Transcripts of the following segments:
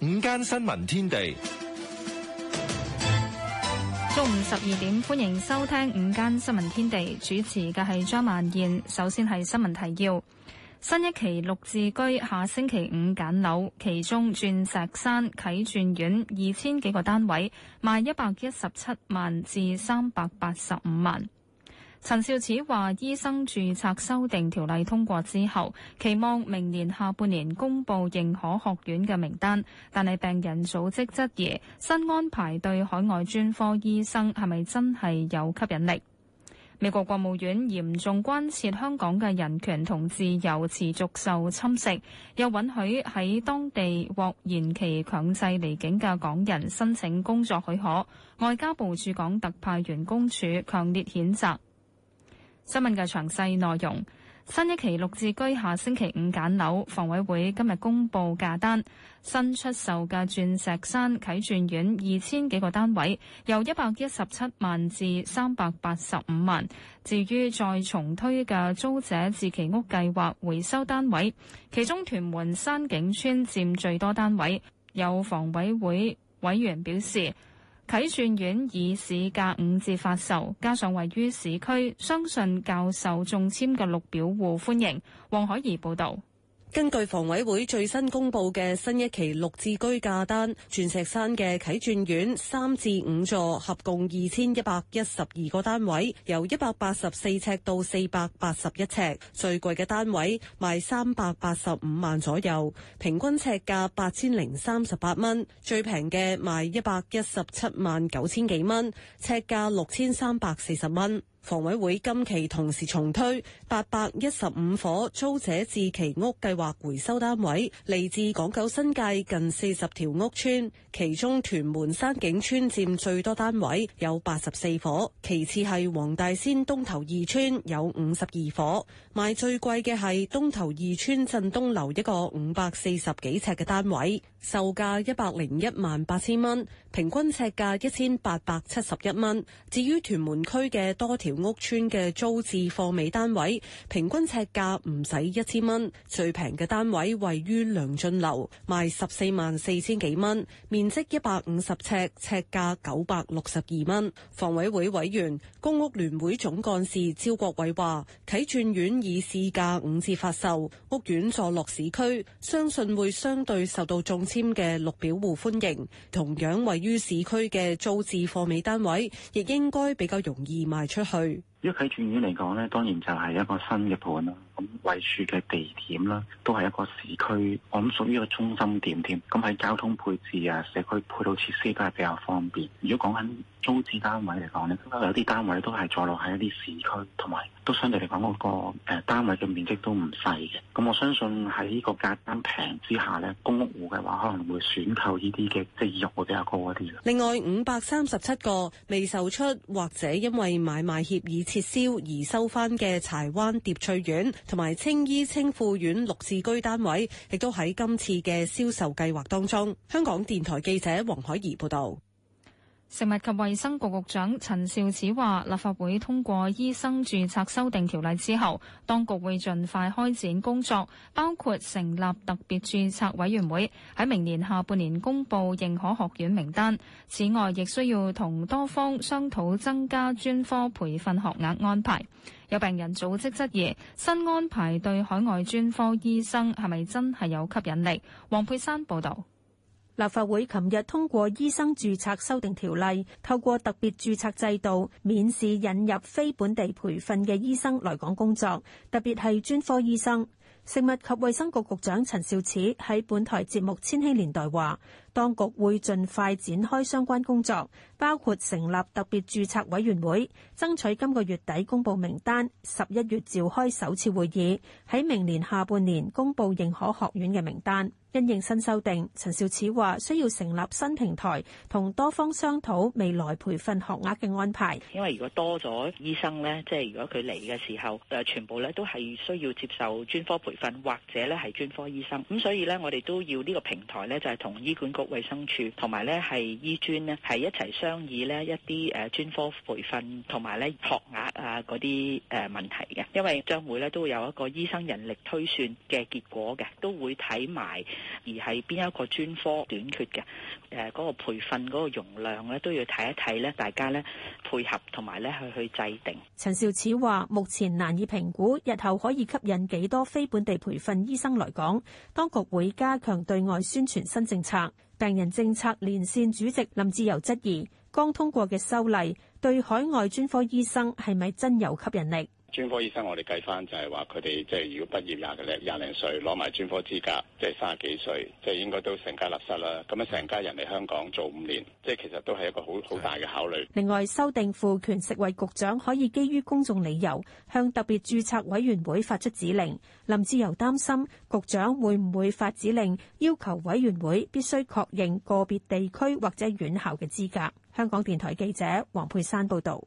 午間新聞天地，中午十二點，歡迎收聽午間新聞天地，主持嘅係張萬燕。首先係新聞提要，新一期綠置居下星期五揀樓，其中鑽石山啟鑽苑二千幾個單位，賣一百一十七萬至三百八十五萬。陳少肇始話，醫生注冊修訂條例通過之後，期望明年下半年公布認可學院嘅名單。但係病人組織質疑新安排對海外專科醫生係咪真係有吸引力？美國國務院嚴重關切香港嘅人權同自由持續受侵蝕，又允許喺當地獲延期強制離境嘅港人申請工作許可。外交部駐港特派員公署強烈譴責。新聞嘅詳細內容：新一期綠置居下星期五揀樓，房委會今日公布價單，新出售嘅鑽石山啟鑽苑二千幾個單位，由一百一十七萬至三百八十五萬。至於再重推嘅租者置其屋計劃回收單位，其中屯門山景村佔最多單位。有房委會委員表示。啟算苑以市價五折發售，加上位於市區，相信較受中簽嘅綠表戶歡迎。黃海怡報道。根據房委會最新公布嘅新一期綠置居價單，鑽石山嘅啟鑽苑三至五座合共二千一百一十二個單位，由一百八十四尺到四百八十一尺，最貴嘅單位賣三百八十五萬左右，平均尺價八千零三十八蚊，最平嘅賣一百一十七萬九千幾蚊，尺價六千三百四十蚊。房委會今期同時重推八百一十五伙租者置其屋計劃回收單位，嚟自港九新界近四十條屋邨。其中屯門山景村佔最多單位，有八十四伙，其次係黃大仙東頭二村有五十二伙，賣最貴嘅係東頭二村鎮東樓一個五百四十幾尺嘅單位，售價一百零一萬八千蚊，平均尺價一千八百七十一蚊。至於屯門區嘅多條屋村嘅租置貨尾單位，平均尺價唔使一千蚊，最平嘅單位位於良俊樓，賣十四萬四千幾蚊，面積一百五十尺，尺價九百六十二蚊。房委會委員、公屋聯會總幹事招國偉話：啟鑽苑以市價五折發售，屋苑坐落市區，相信會相對受到中簽嘅綠表戶歡迎。同樣位於市區嘅租置貨尾單位，亦應該比較容易賣出去。如果喺轉院嚟講咧，當然就係一個新嘅盤啦。咁位處嘅地點啦，都係一個市區，我諗屬於一個中心點添。咁喺交通配置啊，社區配套設施都係比較方便。如果講緊，租置單位嚟講咧，有啲單位都係坐落喺一啲市區，同埋都相對嚟講嗰個誒單位嘅面積都唔細嘅。咁我相信喺呢個價單平之下呢，公屋戶嘅話可能會選購呢啲嘅，即係意欲會比較高一啲。另外，五百三十七個未售出或者因為買賣協議撤銷而收翻嘅柴灣疊翠苑同埋青衣青富苑綠置居單位，亦都喺今次嘅銷售計劃當中。香港電台記者黃海怡報道。食物及衛生局局長陳肇始話：立法會通過醫生註冊修訂條例之後，當局會盡快開展工作，包括成立特別註冊委員會，喺明年下半年公布認可學院名單。此外，亦需要同多方商討增加專科培訓學額安排。有病人組織質疑新安排對海外專科醫生係咪真係有吸引力？黃佩珊報導。立法會琴日通過醫生註冊修訂條例，透過特別註冊制度免試引入非本地培訓嘅醫生來港工作，特別係專科醫生。食物及衛生局局長陳肇始喺本台節目《千禧年代》話：當局會盡快展開相關工作，包括成立特別註冊委員會，爭取今個月底公布名單，十一月召開首次會議，喺明年下半年公布認可學院嘅名單。因應新修訂，陳肇始話需要成立新平台，同多方商討未來培訓學額嘅安排。因為如果多咗醫生呢，即係如果佢嚟嘅時候，誒全部咧都係需要接受專科培訓，或者咧係專科醫生咁，所以呢，我哋都要呢個平台呢，就係同醫管局。衛生署同埋咧，係醫專呢係一齊商議呢一啲誒，專科培訓同埋咧學額啊嗰啲誒問題嘅，因為將會咧都會有一個醫生人力推算嘅結果嘅，都會睇埋而係邊一個專科短缺嘅誒嗰個培訓嗰個容量咧，都要睇一睇咧，大家咧配合同埋咧去去制定。陳肇始話：目前難以評估日後可以吸引幾多非本地培訓醫生來港，當局會加強對外宣傳新政策。病人政策連線主席林志由質疑，剛通過嘅修例對海外專科醫生係咪真有吸引力？專科醫生，我哋計翻就係話佢哋即係如果畢業廿零廿零歲攞埋專科資格，即係卅幾歲，即係應該都成家立室啦。咁樣成家人嚟香港做五年，即係其實都係一個好好大嘅考慮。另外，修訂賦權食衞局長可以基於公眾理由向特別註冊委員會發出指令。林志柔擔心局長會唔會發指令要求委員會必須確認個別地區或者院校嘅資格。香港電台記者黃佩珊報道。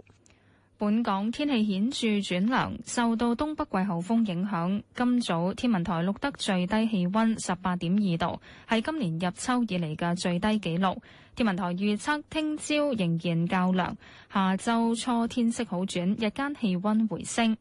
本港天氣顯著轉涼，受到東北季候風影響。今早天文台錄得最低氣温十八點二度，係今年入秋以嚟嘅最低紀錄。天文台預測聽朝仍然較涼，下週初天色好轉，日間氣温回升。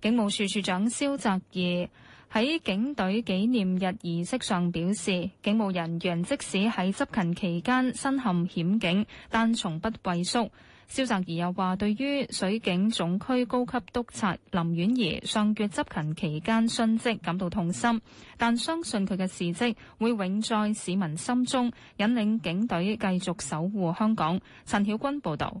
警務處處，處長蕭澤怡喺警隊紀念日儀式上表示，警務人員即使喺執勤期間身陷險境，但從不畏縮。蕭澤怡又話，對於水警總區高級督察林婉儀上月執勤期間殉職感到痛心，但相信佢嘅事跡會永在市民心中，引領警隊繼續守護香港。陳曉君報道。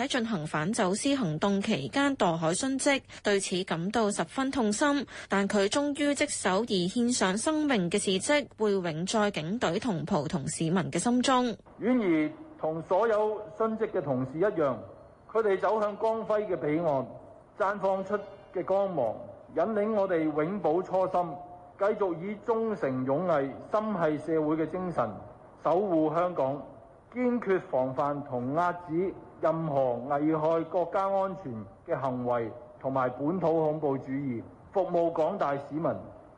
喺進行反走私行動期間墮海殉職，對此感到十分痛心。但佢忠於職守而獻上生命嘅事蹟，會永在警隊同普通市民嘅心中。婉兒同所有殉職嘅同事一樣，佢哋走向光輝嘅彼岸，綻放出嘅光芒，引領我哋永保初心，繼續以忠誠勇毅、心繫社會嘅精神，守護香港，堅決防範同遏止。任何危害國家安全嘅行為同埋本土恐怖主義，服務廣大市民，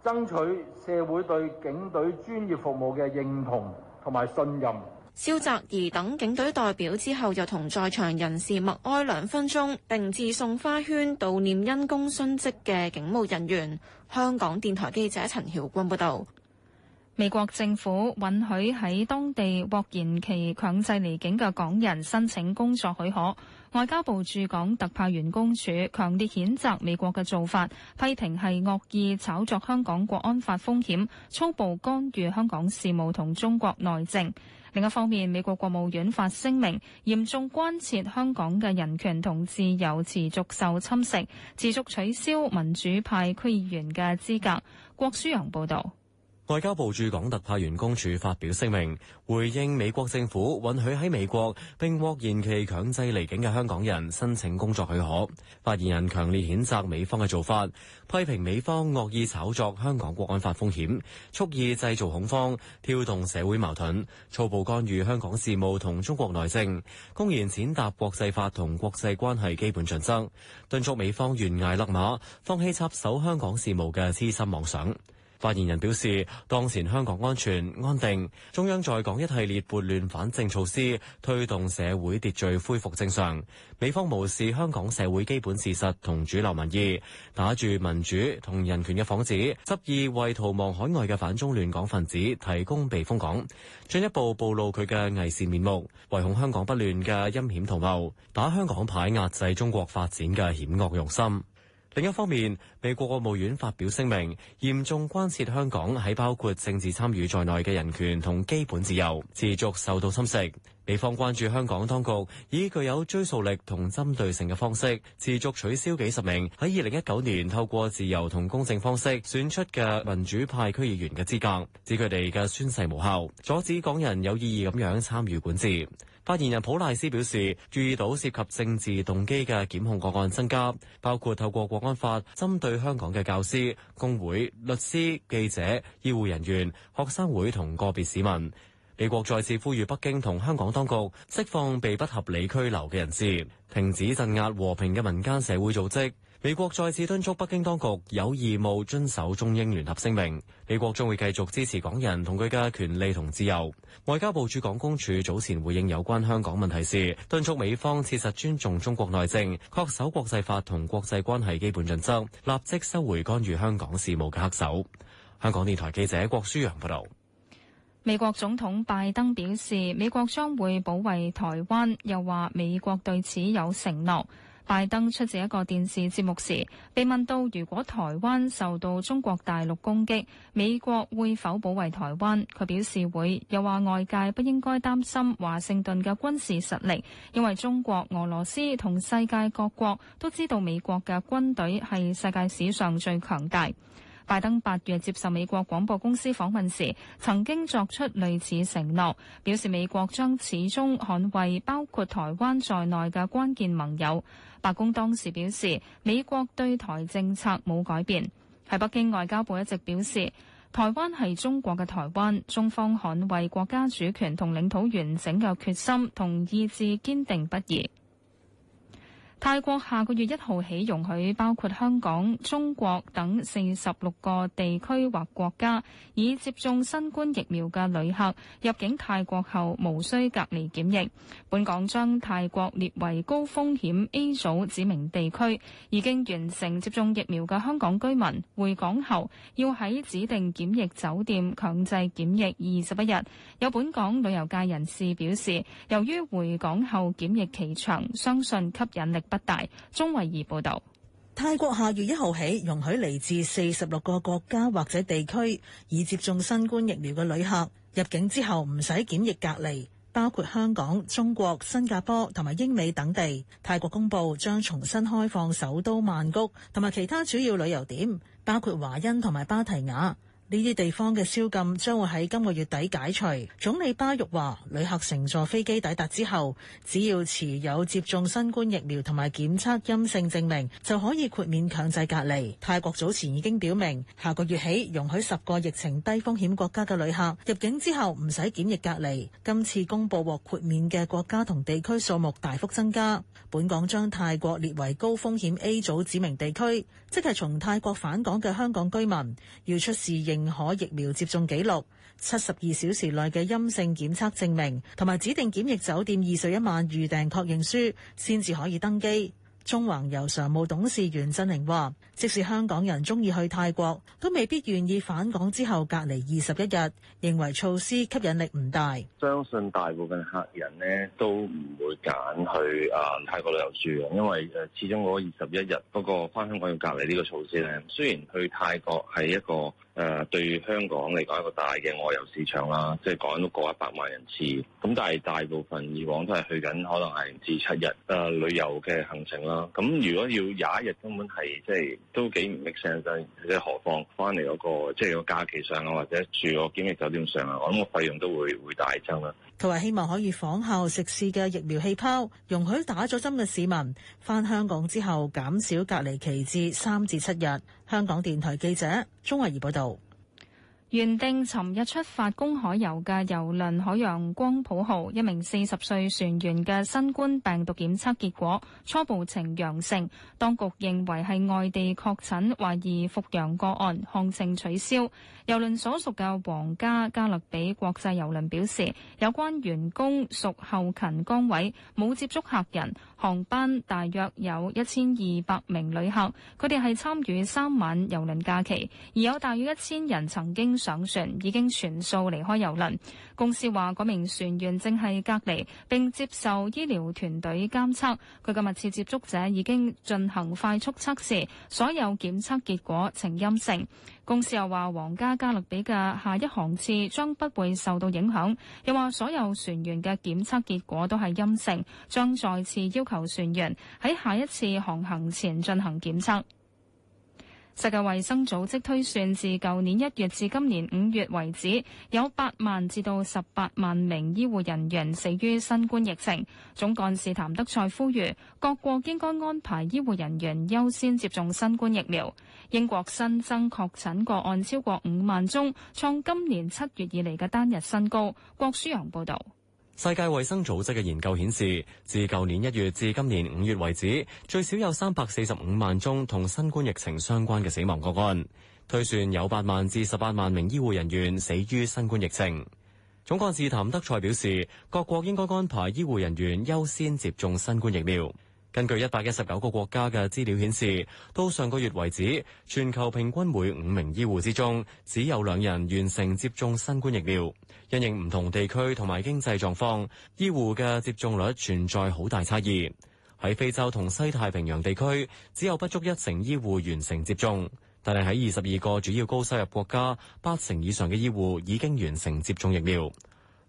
爭取社會對警隊專業服務嘅認同同埋信任。肖澤怡等警隊代表之後，又同在場人士默哀兩分鐘，並致送花圈悼念因公殉職嘅警務人員。香港電台記者陳曉君報道。美國政府允許喺當地獲延期強制離境嘅港人申請工作許可。外交部駐港特派員公署強烈譴責美國嘅做法，批評係惡意炒作香港國安法風險，粗暴干預香港事務同中國內政。另一方面，美國國務院發聲明，嚴重關切香港嘅人權同自由持續受侵蝕，持續取消民主派區議員嘅資格。郭舒陽報導。外交部駐港特派員公署發表聲明，回應美國政府允許喺美國並獲延期強制離境嘅香港人申請工作許可。發言人強烈譴責美方嘅做法，批評美方惡意炒作香港國安法風險，蓄意製造恐慌，挑動社會矛盾，粗暴干預香港事務同中國內政，公然踐踏國際法同國際關係基本準則，敦促美方懸崖勒馬，放棄插手香港事務嘅痴心妄想。發言人表示，當前香港安全安定，中央在港一系列撥亂反正措施推動社會秩序恢復正常。美方無視香港社會基本事實同主流民意，打住民主同人權嘅幌子，執意為逃亡海外嘅反中亂港分子提供避風港，進一步暴露佢嘅偽善面目，唯恐香港不亂嘅陰險圖謀，打香港牌壓制中國發展嘅險惡用心。另一方面，美國國務院發表聲明，嚴重關切香港喺包括政治參與在內嘅人權同基本自由持續受到侵蝕。美方關注香港當局以具有追溯力同針對性嘅方式，持續取消幾十名喺二零一九年透過自由同公正方式選出嘅民主派區議員嘅資格，指佢哋嘅宣誓無效，阻止港人有意義咁樣參與管治。發言人普賴斯表示，注意到涉及政治動機嘅檢控個案增加，包括透過國安法針對香港嘅教師、工會、律師、記者、醫護人員、學生會同個別市民。美國再次呼籲北京同香港當局釋放被不合理拘留嘅人士，停止鎮壓和平嘅民間社會組織。美國再次敦促北京當局有義務遵守中英聯合聲明。美國將會繼續支持港人同佢嘅權利同自由。外交部駐港公署早前回應有關香港問題時，敦促美方切實尊重中國內政，恪守國際法同國際關係基本準則，立即收回干預香港事務嘅黑手。香港電台記者郭舒揚報道。美國總統拜登表示，美國將會保衛台灣，又話美國對此有承諾。拜登出席一個電視節目時，被問到如果台灣受到中國大陸攻擊，美國會否保衛台灣？佢表示會，又話外界不應該擔心華盛頓嘅軍事實力，因為中國、俄羅斯同世界各國都知道美國嘅軍隊係世界史上最強大。拜登八月接受美國廣播公司訪問時，曾經作出類似承諾，表示美國將始終捍衛包括台灣在內嘅關鍵盟友。白宮當時表示，美國對台政策冇改變。喺北京外交部一直表示，台灣係中國嘅台灣，中方捍衛國家主權同領土完整嘅決心同意志堅定不移。泰國下個月一號起容許包括香港、中國等四十六個地區或國家已接種新冠疫苗嘅旅客入境泰國後無需隔離檢疫。本港將泰國列為高風險 A 組指明地區，已經完成接種疫苗嘅香港居民回港後要喺指定檢疫酒店強制檢疫二十一日。有本港旅遊界人士表示，由於回港後檢疫期長，相信吸引力。北大，鐘慧儀報道。泰國下月一號起，容許嚟自四十六個國家或者地區已接種新冠疫苗嘅旅客入境之後唔使檢疫隔離，包括香港、中國、新加坡同埋英美等地。泰國公布將重新開放首都曼谷同埋其他主要旅遊點，包括華欣同埋芭提雅。呢啲地方嘅宵禁將會喺今個月底解除。總理巴育話旅客乘坐飛機抵達之後，只要持有接種新冠疫苗同埋檢測陰性證明，就可以豁免強制隔離。泰國早前已經表明，下個月起容許十個疫情低風險國家嘅旅客入境之後唔使檢疫隔離，今次公布獲豁免嘅國家同地區數目大幅增加。本港將泰國列為高風險 A 組指明地區，即係從泰國返港嘅香港居民要出示認。可疫苗接種記錄、七十二小時內嘅陰性檢測證明同埋指定檢疫酒店二十一晚預訂確認書，先至可以登機。縱橫遊常務董事袁振寧話：即使香港人中意去泰國，都未必願意返港之後隔離二十一日，認為措施吸引力唔大。相信大部分客人呢都唔會揀去啊泰國旅遊住，因為始終嗰二十一日嗰個翻香港要隔離呢個措施咧，雖然去泰國係一個。誒，對香港嚟講，一個大嘅外遊市場啦，即係講都過一百萬人次。咁但係大部分以往都係去緊，可能係五至七日誒旅遊嘅行程啦。咁如果要廿一日，根本係即係都幾唔 make sense，即係何況翻嚟嗰個即係個假期上啊，或者住個檢疫酒店上啊，我諗個費用都會會大增啦。同埋希望可以仿效食肆嘅疫苗氣泡，容許打咗針嘅市民翻香港之後減少隔離期至三至七日。香港電台記者鍾慧怡報道。原定尋日出發公海遊嘅遊輪海洋光譜號，一名四十歲船員嘅新冠病毒檢測結果初步呈陽性，當局認為係外地確診懷疑復陽個案，航程取消。遊輪所屬嘅皇家加勒比國際遊輪表示，有關員工屬後勤崗位，冇接觸客人，航班大約有一千二百名旅客，佢哋係參與三晚遊輪假期，而有大約一千人曾經上船已經全數離開郵輪，公司話嗰名船員正係隔離，並接受醫療團隊監測，佢嘅密切接觸者已經進行快速測試，所有檢測結果呈陰性。公司又話皇家加勒比嘅下一航次將不會受到影響，又話所有船員嘅檢測結果都係陰性，將再次要求船員喺下一次航行前進行檢測。世界衛生組織推算，自舊年一月至今年五月為止，有八萬至到十八萬名醫護人員死於新冠疫情。總幹事譚德塞呼籲，各國應該安排醫護人員優先接種新冠疫苗。英國新增確診個案超過五萬宗，創今年七月以來嘅單日新高。郭舒陽報導。世界衛生組織嘅研究顯示，自舊年一月至今年五月為止，最少有三百四十五萬宗同新冠疫情相關嘅死亡個案，推算有八萬至十八萬名醫護人員死於新冠疫情。總幹事譚德塞表示，各國應該安排醫護人員優先接種新冠疫苗。根據一百一十九個國家嘅資料顯示，到上個月為止，全球平均每五名醫護之中，只有兩人完成接種新冠疫苗。因應唔同地區同埋經濟狀況，醫護嘅接種率存在好大差異。喺非洲同西太平洋地區，只有不足一成醫護完成接種，但係喺二十二個主要高收入國家，八成以上嘅醫護已經完成接種疫苗。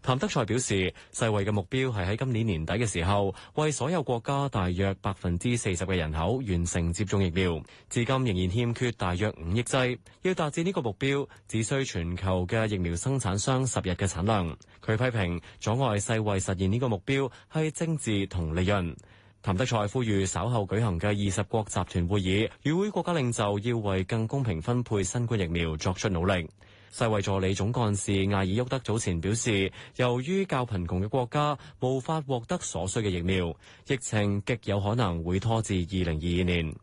譚德塞表示，世衛嘅目標係喺今年年底嘅時候，為所有國家大約百分之四十嘅人口完成接種疫苗。至今仍然欠缺大約五億劑，要達至呢個目標，只需全球嘅疫苗生產商十日嘅產量。佢批評，阻礙世衛實現呢個目標係政治同利潤。譚德塞呼籲稍後舉行嘅二十國集團會議，與會國家領袖要為更公平分配新冠疫苗作出努力。世衛助理總幹事艾爾沃德早前表示，由於較貧窮嘅國家無法獲得所需嘅疫苗，疫情極有可能會拖至二零二二年。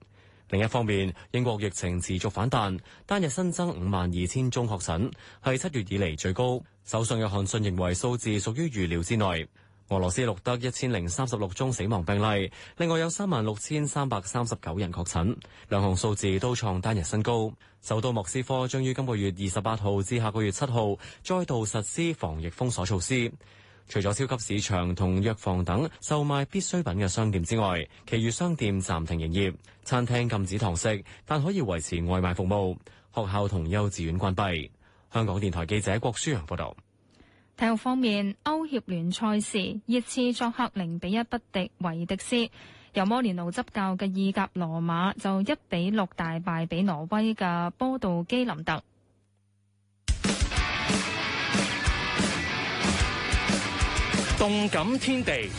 另一方面，英國疫情持續反彈，單日新增五萬二千宗確診，係七月以嚟最高。首相約翰遜認為數字屬於預料之內。俄羅斯錄得一千零三十六宗死亡病例，另外有三萬六千三百三十九人確診，兩項數字都創單日新高。首都莫斯科將於今個月二十八號至下個月七號再度實施防疫封鎖措施，除咗超級市場同藥房等售賣必需品嘅商店之外，其餘商店暫停營業，餐廳禁止堂食，但可以維持外賣服務，學校同幼稚園關閉。香港電台記者郭舒揚報道。體育方面，歐協聯賽事熱刺作客零比一不敵維迪斯，由摩連奴執教嘅意甲羅馬就一比六大敗俾挪威嘅波杜基林特。動感天地，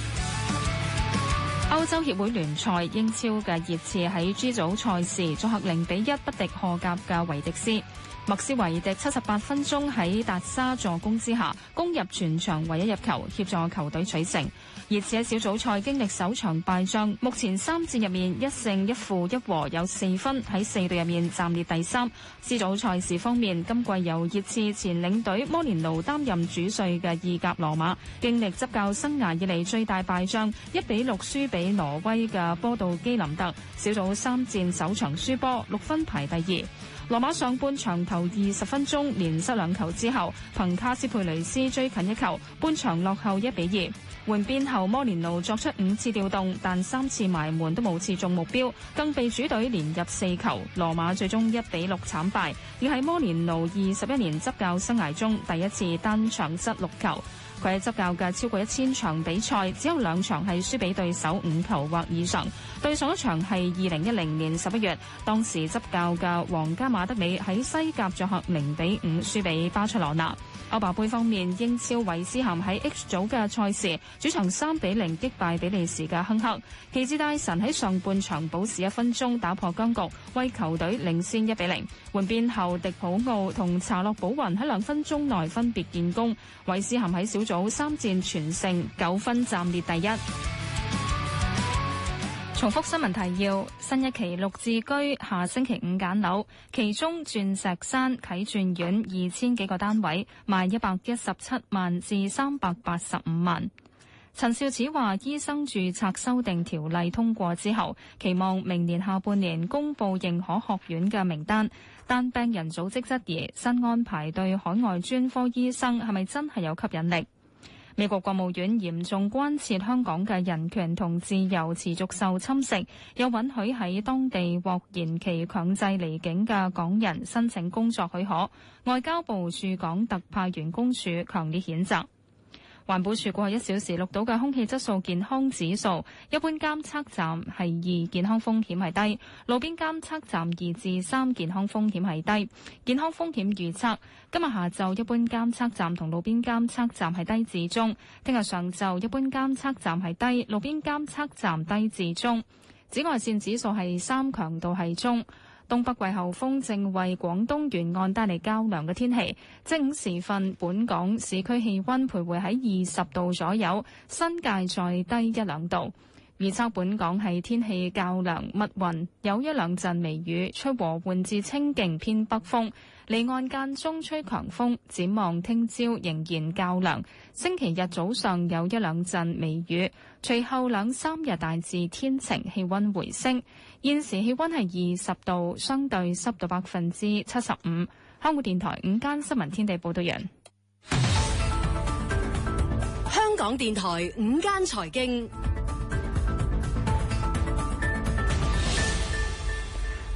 歐洲協會聯賽英超嘅熱刺喺 G 組賽事作客零比一不敵荷甲嘅維迪斯。莫斯維爾迪七十八分鐘喺達沙助攻之下，攻入全場唯一入球，協助球隊取勝。熱刺喺小組賽經歷首場敗仗，目前三戰入面一勝一負一和，有四分喺四隊入面暫列第三。C 組賽事方面，今季由熱刺前領隊摩連奴擔任主帥嘅意甲羅馬，經歷執教生涯以嚟最大敗仗，一比六輸俾挪威嘅波道基林特。小組三戰首場輸波六分排第二。羅馬上半場頭二十分鐘連失兩球之後，憑卡斯佩雷斯追近一球，半場落後一比二。換邊後。摩連奴作出五次調動，但三次埋門都冇次中目標，更被主隊連入四球，羅馬最終一比六慘敗，亦喺摩連奴二十一年執教生涯中第一次單場失六球。佢喺執教嘅超過一千場比賽，只有兩場係輸俾對手五球或以上，對上一場係二零一零年十一月，當時執教嘅皇家馬德里喺西甲作客零比五輸俾巴塞羅那。歐霸杯方面，英超維斯咸喺 H 組嘅賽事，主場三比零擊敗比利時嘅亨克。奇志大神喺上半場保持一分鐘打破僵局，為球隊領先一比零。換邊後，迪普奧同查洛保雲喺兩分鐘內分別建功。維斯咸喺小組三戰全勝，九分暫列第一。重複新聞提要：新一期綠置居下星期五揀樓，其中鑽石山啟鑽苑二千幾個單位賣一百一十七萬至三百八十五萬。陳肇始話，醫生註冊修訂條例通過之後，期望明年下半年公布認可學院嘅名單，但病人組織質疑新安排對海外專科醫生係咪真係有吸引力？美國國務院嚴重關切香港嘅人權同自由持續受侵蝕，又允許喺當地獲延期強制離境嘅港人申請工作許可。外交部駐港特派員公署強烈譴責。環保署過去一小時錄到嘅空氣質素健康指數，一般監測站係二，健康風險係低；路邊監測站二至三，健康風險係低。健康風險預測，今日下晝一般監測站同路邊監測站係低至中；聽日上晝一般監測站係低，路邊監測站低至中。紫外線指數係三，強度係中。東北季候風正為廣東沿岸帶嚟較涼嘅天氣，正午時分本港市區氣溫徘徊喺二十度左右，新界再低一兩度。預測本港係天氣較涼，密雲有一兩陣微雨，吹和緩至清勁偏北風，離岸間中吹強風。展望聽朝仍然較涼，星期日早上有一兩陣微雨。隨後兩三日大致天晴，氣溫回升。現時氣溫係二十度，相對濕度百分之七十五。香港電台午間新聞天地報道員，香港電台午間財經，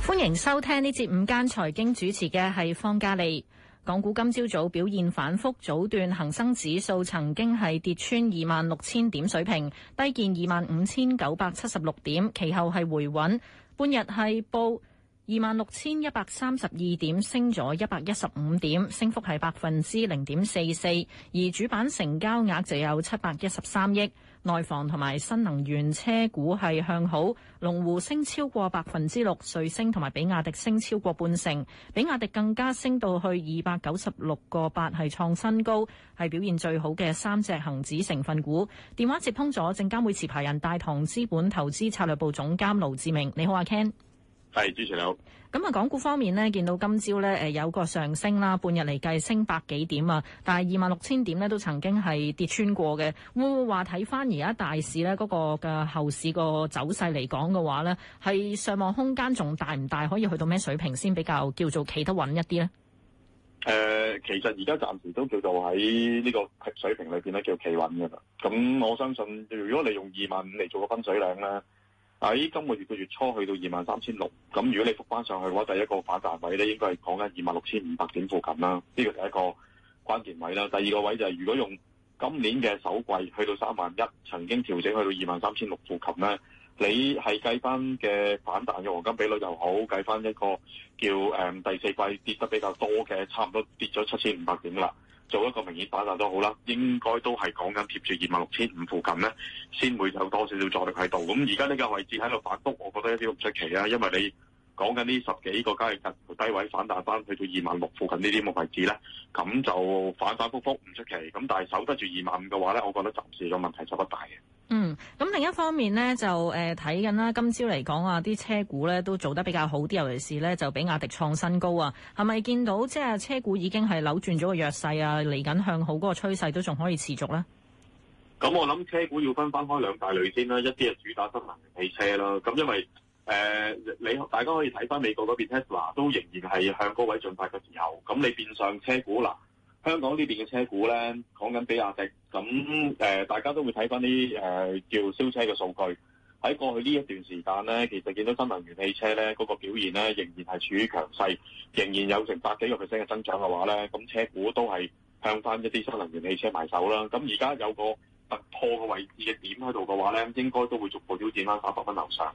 歡迎收聽呢節午間財經主持嘅係方嘉利。港股今朝早，早表現反覆早段恒生指數曾經係跌穿二萬六千點水平，低見二萬五千九百七十六點，其後係回穩，半日係報二萬六千一百三十二點，升咗一百一十五點，升幅係百分之零點四四，而主板成交額就有七百一十三億。內房同埋新能源車股係向好，龍湖升超過百分之六，瑞聲同埋比亞迪升超過半成，比亞迪更加升到去二百九十六個八，係創新高，係表現最好嘅三隻恒指成分股。電話接通咗證監會持牌人大唐資本投資策略部總監盧志明，你好阿 Ken。係主持人好。咁啊，港股方面咧，見到今朝咧，誒，有個上升啦，半日嚟計升百幾點啊，但係二萬六千點咧都曾經係跌穿過嘅。會唔會話睇翻而家大市咧嗰個嘅後市個走勢嚟講嘅話咧，係上望空間仲大唔大？可以去到咩水平先比較叫做企得穩一啲咧？誒、呃，其實而家暫時都叫做喺呢個水平裏邊咧叫企穩噶啦。咁我相信，如果你用二萬五嚟做個分水嶺咧。喺、哎、今個月嘅月初去到二萬三千六，咁如果你復翻上去嘅話，第一個反彈位咧，應該係講緊二萬六千五百點附近啦。呢、這個就一個關鍵位啦。第二個位就係如果用今年嘅首季去到三萬一，曾經調整去到二萬三千六附近咧，你係計翻嘅反彈嘅黃金比率又好，計翻一個叫誒第四季跌得比較多嘅，差唔多跌咗七千五百點啦。做一個明顯反彈都好啦，應該都係講緊貼住二萬六千五附近咧，先會有多少少助力喺度。咁而家呢個位置喺度反覆，我覺得一啲都唔出奇啊。因為你講緊呢十幾個交易日低位反彈翻去到二萬六附近呢啲位置咧，咁就反反覆覆唔出奇。咁但係守得住二萬五嘅話咧，我覺得暫時個問題就不大嘅。嗯，咁另一方面咧就誒睇緊啦，今朝嚟講啊，啲車股咧都做得比較好啲，尤其是咧就比亞迪創新高啊，係咪見到即係車股已經係扭轉咗個弱勢啊，嚟緊向好嗰個趨勢都仲可以持續咧？咁、嗯、我諗車股要分翻開兩大類先啦，一啲係主打新能源汽車啦，咁因為誒、呃、你大家可以睇翻美國嗰邊 Tesla 都仍然係向高位進發嘅時候，咁你變相車股啦。香港呢邊嘅車股呢，講緊比亞迪，咁誒、呃、大家都會睇翻啲誒叫燒車嘅數據。喺過去呢一段時間呢，其實見到新能源汽車呢嗰、那個表現呢，仍然係處於強勢，仍然有成百幾個 percent 嘅增長嘅話呢，咁車股都係向翻一啲新能源汽車埋手啦。咁而家有個突破嘅位置嘅點喺度嘅話呢，應該都會逐步挑戰翻三百蚊樓上。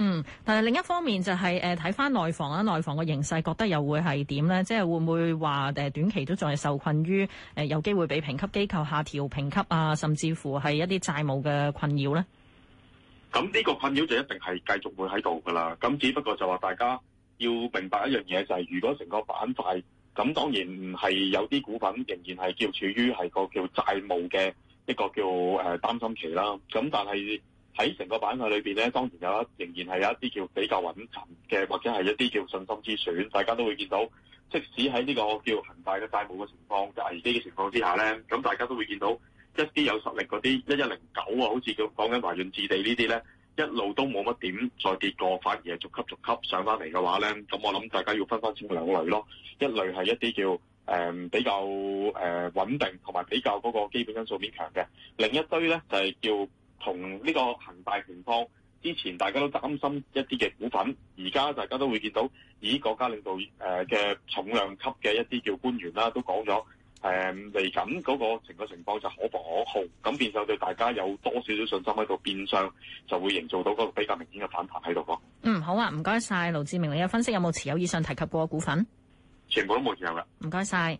嗯，但係另一方面就係誒睇翻內房啦，內房個形勢覺得又會係點咧？即係會唔會話誒、呃、短期都仲係受困於誒、呃、有機會畀評級機構下調評級啊，甚至乎係一啲債務嘅困擾咧？咁呢個困擾就一定係繼續會喺度噶啦。咁只不過就話大家要明白一樣嘢就係、是，如果成個板塊咁，當然係有啲股份仍然係叫處於係個叫債務嘅一個叫誒擔心期啦。咁但係。喺成個板塊裏邊咧，當然有一仍然係有一啲叫比較穩陣嘅，或者係一啲叫信心之選。大家都會見到，即使喺呢個叫恒大嘅債務嘅情況、嘅危機嘅情況之下咧，咁大家都會見到一啲有實力嗰啲一一零九啊，9, 好似叫講緊華潤置地呢啲咧，一路都冇乜點再跌過，反而係逐級逐級，逐級上翻嚟嘅話咧，咁我諗大家要分返清兩類咯。一類係一啲叫誒、呃、比較誒、呃、穩定同埋比較嗰個基本因素勉強嘅，另一堆咧就係、是、叫。同呢個恒大情況，之前大家都擔心一啲嘅股份，而家大家都會見到，咦國家領導誒嘅重量級嘅一啲叫官員啦，都講咗誒嚟緊嗰個成個情況就可防可控，咁變相對大家有多少少信心喺度，變相就會營造到嗰個比較明顯嘅反彈喺度嘅。嗯，好啊，唔該晒。盧志明，你有分析有冇持有以上提及過嘅股份？全部都冇持有嘅。唔該晒。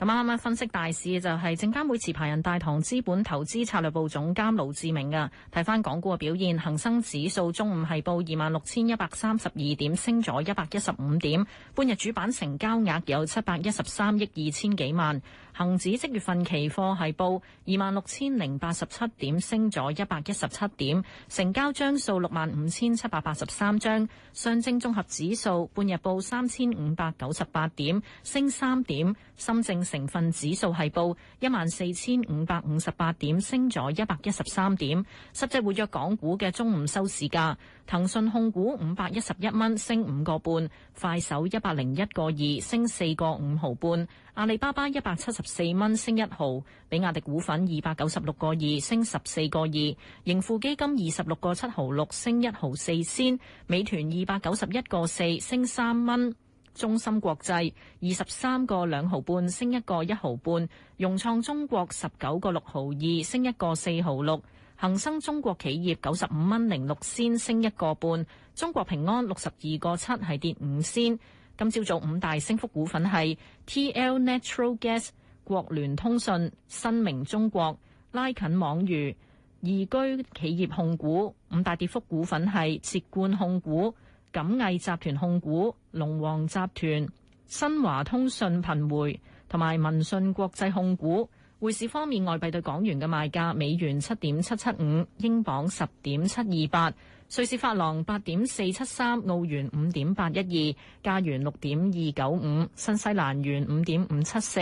咁啱啱分析大市就係證監會持牌人大唐資本投資策略部總監盧志明啊。睇翻港股嘅表現，恒生指數中午係報二萬六千一百三十二點，升咗一百一十五點，半日主板成交額有七百一十三億二千幾萬，恒指即月份期貨係報二萬六千零八十七點，升咗一百一十七點，成交張數六萬五千七百八十三張，上證綜合指數半日報三千五百九十八點，升三點，深證成分指數係報一萬四千五百五十八點，升咗一百一十三點。十隻活躍港股嘅中午收市價：騰訊控股五百一十一蚊，升五個半；快手一百零一個二，升四個五毫半；阿里巴巴一百七十四蚊，升一毫；比亞迪股份二百九十六個二，升十四個二；盈富基金二十六個七毫六，升一毫四仙；美團二百九十一個四，升三蚊。中芯國際二十三個兩毫半，升一個一毫半，融創中國十九個六毫二，升一個四毫六，恒生中國企業九十五蚊零六仙，升一個半，中國平安六十二個七係跌五仙。今朝早五大升幅股份係 TL Natural Gas、國聯通訊、新明中國、拉近網娛、易居企業控股。五大跌幅股份係捷冠控股。錦藝集團控股、龍王集團、新華通訊頻匯同埋民信國際控股。匯市方面，外幣對港元嘅賣價：美元七點七七五，英鎊十點七二八，瑞士法郎八點四七三，澳元五點八一二，加元六點二九五，新西蘭元五點五七四。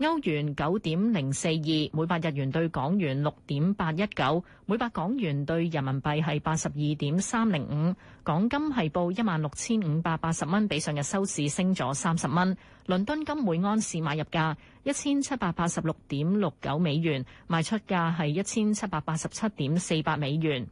歐元九點零四二，每百日元對港元六點八一九，每百港元對人民幣係八十二點三零五。港金係報一萬六千五百八十蚊，比上日收市升咗三十蚊。倫敦金每安士買入價一千七百八十六點六九美元，賣出價係一千七百八十七點四八美元。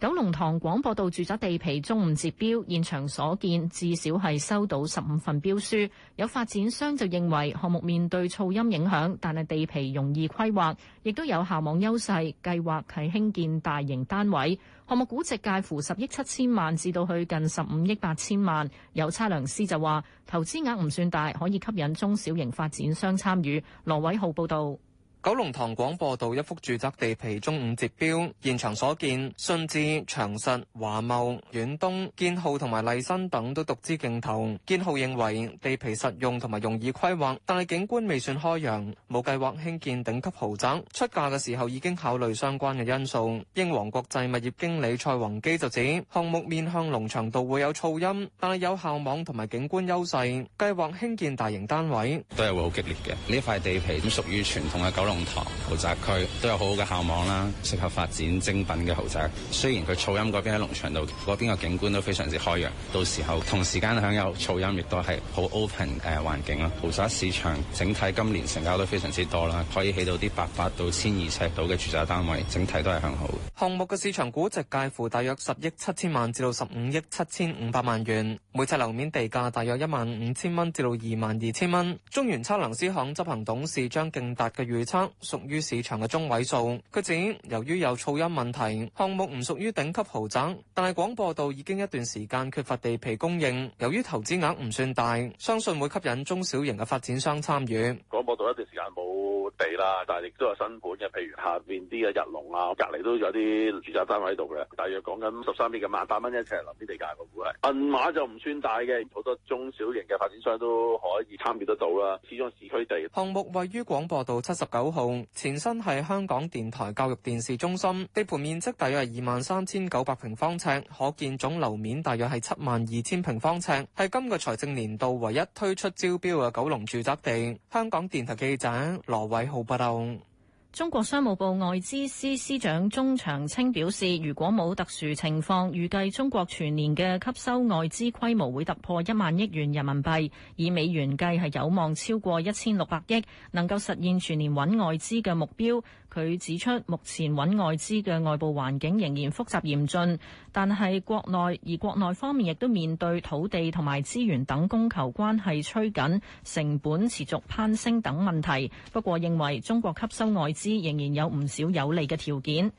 九龍塘廣播道住宅地皮中午截標，現場所見至少係收到十五份標書。有發展商就認為項目面對噪音影響，但係地皮容易規劃，亦都有下網優勢，計劃係興建大型單位。項目估值介乎十億七千萬至到去近十五億八千萬。有測量師就話投資額唔算大，可以吸引中小型發展商參與。羅偉浩報道。九龍塘廣播道一幅住宅地皮中午截標，現場所見，信置、長實、華懋、遠東、建浩同埋麗新等都獨資競投。建浩認為地皮實用同埋容易規劃，但係景觀未算開揚，冇計劃興建頂級豪宅。出價嘅時候已經考慮相關嘅因素。英皇國際物業經理蔡宏基就指，項目面向農場道會有噪音，但係有校網同埋景觀優勢，計劃興建大型單位，都係會好激烈嘅。呢一塊地皮咁屬於傳統嘅九龍。龍塘豪宅區都有好好嘅校網啦，適合發展精品嘅豪宅。雖然佢噪音嗰邊喺農場度，嗰邊嘅景觀都非常之開揚。到時候同時間享有噪音，亦都係好 open 嘅環境啦。豪宅市場整體今年成交都非常之多啦，可以起到啲八百到千二尺度嘅住宅單位，整體都係向好。項目嘅市場估值介乎大約十億七千萬至到十五億七千五百萬元，每尺樓面地價大約一萬五千蚊至到二萬二千蚊。中原測量師行執行董事張敬達嘅預測。屬於市場嘅中位數。佢指由於有噪音問題，項目唔屬於頂級豪宅，但係廣播道已經一段時間缺乏地皮供應。由於投資額唔算大，相信會吸引中小型嘅發展商參與。廣播道一段時間冇地啦，但係亦都有新盤嘅，譬如下邊啲嘅日龍啊，隔籬都有啲住宅單位喺度嘅。大約講緊十三億幾萬八蚊一尺樓面地價，會唔會？銀碼就唔算大嘅，好多中小型嘅發展商都可以參與得到啦。始終市區地項目位於廣播道七十九。號前身係香港電台教育電視中心，地盤面積大約係二萬三千九百平方尺，可建總樓面大約係七萬二千平方尺，係今個財政年度唯一推出招標嘅九龍住宅地。香港電台記者羅偉浩報道。中國商務部外資司司長鍾長青表示，如果冇特殊情況，預計中國全年嘅吸收外資規模會突破一萬億元人民幣，以美元計係有望超過一千六百億，能夠實現全年穩外資嘅目標。佢指出，目前穩外資嘅外部環境仍然複雜嚴峻。但係國內，而國內方面亦都面對土地同埋資源等供求關係趨緊、成本持續攀升等問題。不過認為中國吸收外資仍然有唔少有利嘅條件。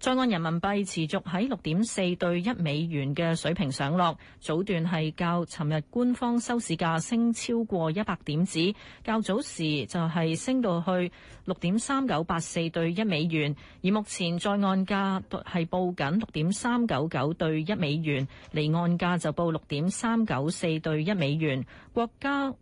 在岸人民幣持續喺六點四兌一美元嘅水平上落，早段係較尋日官方收市價升超過一百點子，較早時就係升到去六點三九八四兌一美元，而目前在岸價係報緊六點三九九兌一美元，離岸價就報六點三九四兌一美元，國家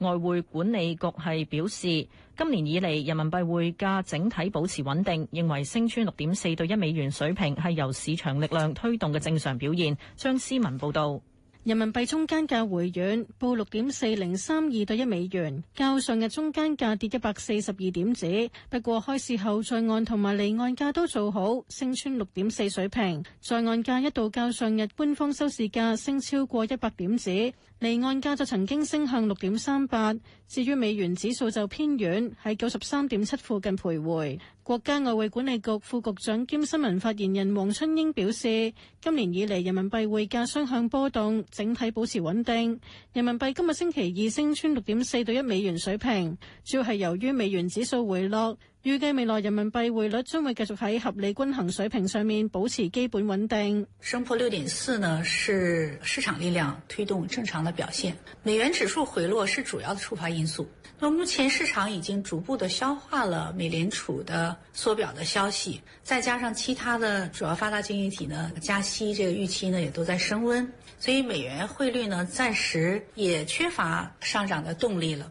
外匯管理局係表示，今年以嚟人民幣匯價整體保持穩定，認為升穿六點四到一美元水平係由市場力量推動嘅正常表現，張思文報道。人民幣中間價回軟，報六點四零三二對一美元，較上日中間價跌一百四十二點子。不過開市後在岸同埋離岸價都做好，升穿六點四水平。在岸價一度較上日官方收市價升超過一百點子，離岸價就曾經升向六點三八。至於美元指數就偏軟，喺九十三點七附近徘徊。國家外匯管理局副局長兼新聞發言人王春英表示，今年以嚟人民幣匯價雙向波動，整體保持穩定。人民幣今日星期二升穿六點四兌一美元水平，主要係由於美元指數回落。預計未來人民幣匯率將會繼續喺合理均衡水平上面保持基本穩定。升破六點四呢，是市場力量推動正常的表現。美元指數回落是主要的觸發因素。那目前市場已經逐步的消化了美聯儲的縮表的消息，再加上其他的主要發達經濟體呢加息這個預期呢也都在升温，所以美元匯率呢暫時也缺乏上漲的動力了。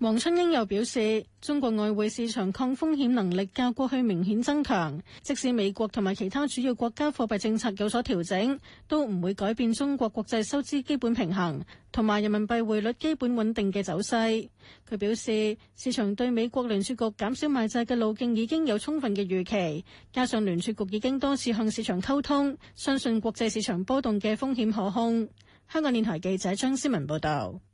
王春英又表示，中國外匯市場抗風險能力較過去明顯增強，即使美國同埋其他主要國家貨幣政策有所調整，都唔會改變中國國際收支基本平衡同埋人民幣匯率基本穩定嘅走勢。佢表示，市場對美國聯儲局減少賣債嘅路徑已經有充分嘅預期，加上聯儲局已經多次向市場溝通，相信國際市場波動嘅風險可控。香港電台記者張思文報道。